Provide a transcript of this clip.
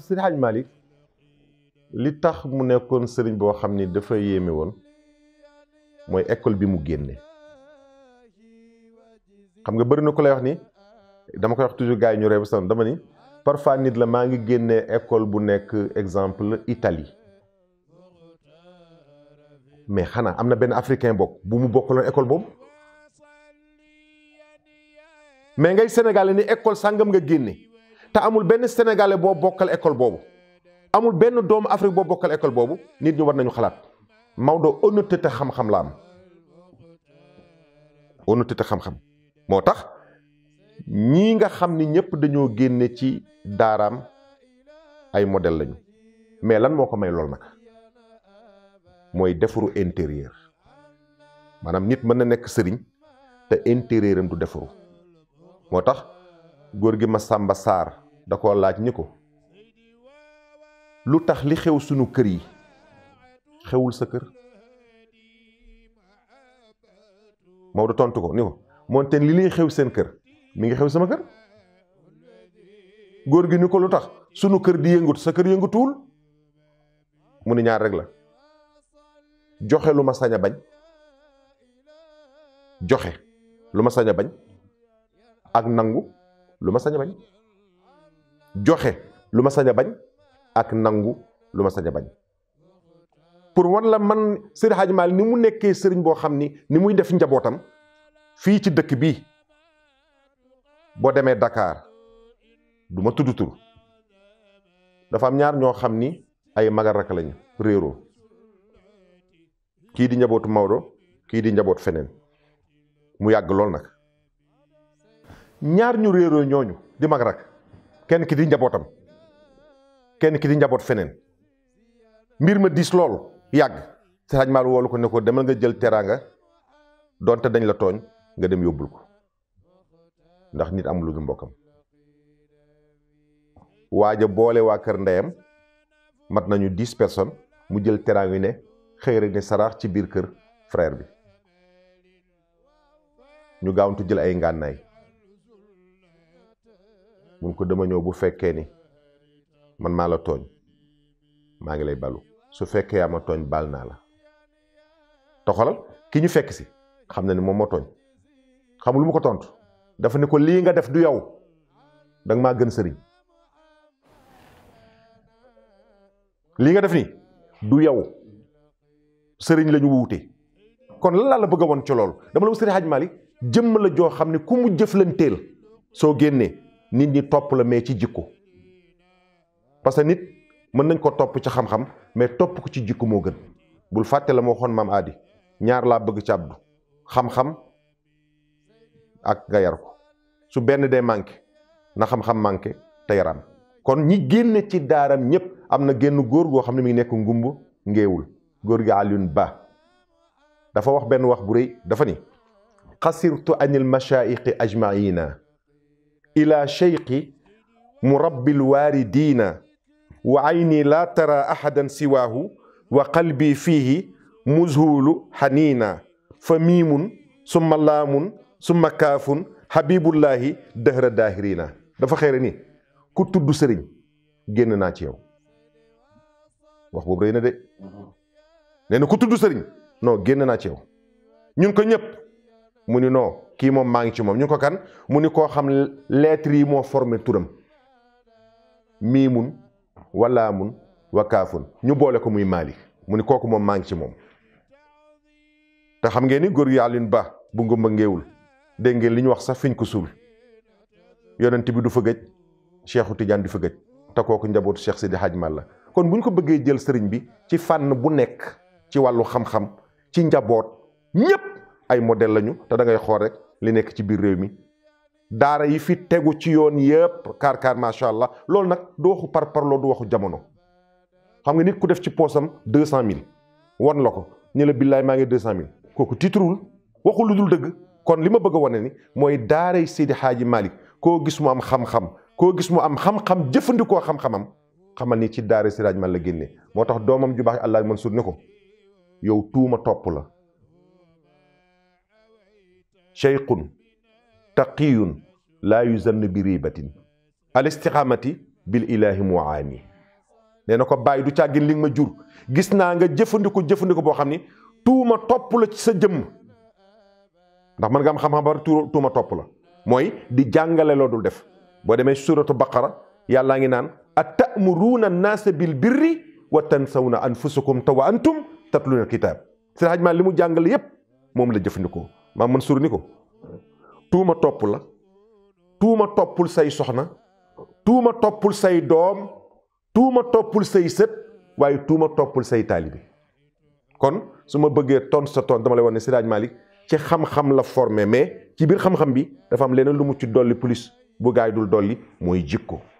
si Haj Malick li tax mu nekkoon sëriñ boo xam ni dafa yéeme woon mooy école bi mu génne xam nga bëri na ko lay wax ni dama koy wax toujours gars yi ñu réew san dama ni parfois nit la maa ngi génnee école bu nekk exemple Italie mais xanaa am na benn africain bokk bu mu bokkaloon école boobu mais ngay Sénégal ni école sàngam nga génne te amul benn sénégalais boo bokkal école boobu amul benn doomu Afrique boo bokkal école boobu nit ñu war nañu xalaat Maodo honnêteté xam-xam la am honnêteté xam moo tax ñii nga xam ni ñëpp dañoo génne ci daaraam ay modèle lañu mais lan moo ko may lool nag mooy defaru intérieur maanaam nit mën na nekk sëriñ te intérieur am du defaru moo tax góor gi ma Samba Sarr da koo laaj ni ko lu tax li xew sunu kër yi xewul sa kër Maodo tontu ko ni ko moonte li liy xew seen kër mi ngi xew sama kër góor gi ni ko lu tax sunu kër di yëngut sa kër yëngutuwul mu ni ñaar rek la joxe lu ma sañ a bañ joxe lu ma sañ a bañ ak nangu lu ma sañ a bañ joxe lu ma sañ bañ ak nangu lu ma sañ bañ pour wan la man Seydi Hadji Malick ni mu nekkee sëriñ boo xam ni ni muy def njabootam fii ci dëkk bii boo demee dakaar du ma tudd tur dafa am ñaar ñoo xam ni ay magal rak lañu réeroo kii di njabootu Maodo kii di njaboot feneen mu yàgg lool nag ñaar ñu réeroo ñooñu di mag rak kenn ki di njabootam kenn ki di njaboot feneen mbir ma diis lool yàgg Sëriñ Maal woolu ko ne ko demal nga jël teraanga donte dañ la tooñ nga dem yóbbul ko ndax nit amul lu dul mbokkam waaja boole waa kër ndeyam mat nañu dix personnes mu jël teraanga yu ne xëy rek ne saraax ci biir kër frère bi ñu gaawantu jël ay ngànnaay mun ko dama bu fekkee ni man maa la tooñ maa ngi lay balu su fekkee yaa ma tooñ baal naa la toxalal ki ñu fekk si xam na ni moom moo tooñ xam lu mu ko tontu dafa ni ko lii nga def du yow danga maa gën sëriñ lii nga def nii du yow sëriñ lañu ñu wuute kon lan laa la bëgg a woon ci loolu dama la sëriñ Hadj Malick jëmm la joo xam ne ku mu jëflanteel soo génnee nit ñi topp la mais ci jikko parce que nit mën nañ ko topp ci xam-xam mais topp ko ci jikko moo gën bul fàtte la ma waxoon maam aadi ñaar laa bëgg ci abdu xam-xam ak nga yar ko su benn dee manqué na xam-xam manqué te yaram kon ñi génne ci daaram ñëpp am na génn góor goo xam ne mi ngi nekk ngumb ngeewul góor gi Alioune Ba dafa wax benn wax bu rëy dafa ni xasirtu anil mashaiqi ajmaina ila cheyqi murabbil waaridina wa ayni laa tara ahadan siwaahu wa qalbi fiihi muzhulu xaniina fa miimun summa laamun summa kaafun habibullahi dëhra daahirina dafa xeere ni ku tudd sëriñ génn naa ci yow wax boobu rëy na de mhm. nee na ku tudd sëriñ non génn naa ci yow ñun ko ñëpp mu ni non kii moom maa ngi ci moom ñu ko kan mu ni koo xam lettres yi moo formé turam miimun walaamun wakaafun ñu boole ko muy maalik mu ni kooku moom maa ngi ci moom te xam ngeen ni góor yàllin ba bu ngëmba ngeewul dégg ngeen li ñu wax sax fiñ ko suul yonent bi du fa gëj Cheikhu Tidiane du fa te kooku njabootu Cheikh Sidi Hadj Mal la kon bu ñu ko bëggee jël sëriñ bi ci fànn bu nekk ci wàllu xam-xam ci njaboot ñëpp ay modèle lañu te da xool rek li nekk ci biir réew mi daara yi fi tegu ci yoon yëpp kaar kaar macha allah loolu nag du waxu par parloo du waxu jamono xam nga nit ku def ci poosam deux cent mille wan la ko ñu la billaay maa ngi deux cent mille kooku tiitarul waxul lu dul dëgg kon li ma bëgg a wane ni mooy daaray Seydi Xaaji Malick koo gis mu am xam-xam koo gis mu am xam-xam jëfandikoo xam-xamam xamal ni ci daaray Seydi Xaaji Malick la génnee moo tax doomam ju baax Alaaji Mansuur ne ko yow tuuma topp la cheyqun taqiyun laa yuzann bi ribatin al istixaamati bil ilahi muaani ko bàyyi du càggin li nga ma jur gis naa nga jëfandikoo jëfandikoo boo xam ni tuuma topp la ci sa jëm ndax man nga am xam-xam tuuma topp la mooy di jàngale loo dul def boo demee suratu baqara yàllaa ngi naan a tamuruuna annaasa bil birri wa tansawna anfusakum te wa antum tatluna alkitab si xajmaa li mu jàngale yépp moom la jëfandikoo maam Mansour ni ko tuuma topp la tuuma toppul say soxna tuuma toppul say doom tuuma toppul say sët waaye tuuma toppul say taalibe kon su ma bëggee ton sa ton dama lay wax ne Siraaj Malik ci xam-xam la formé mais ci biir xam-xam bi dafa am leneen lu mucc ci dolli plus bu gaay dul dolli mooy jikko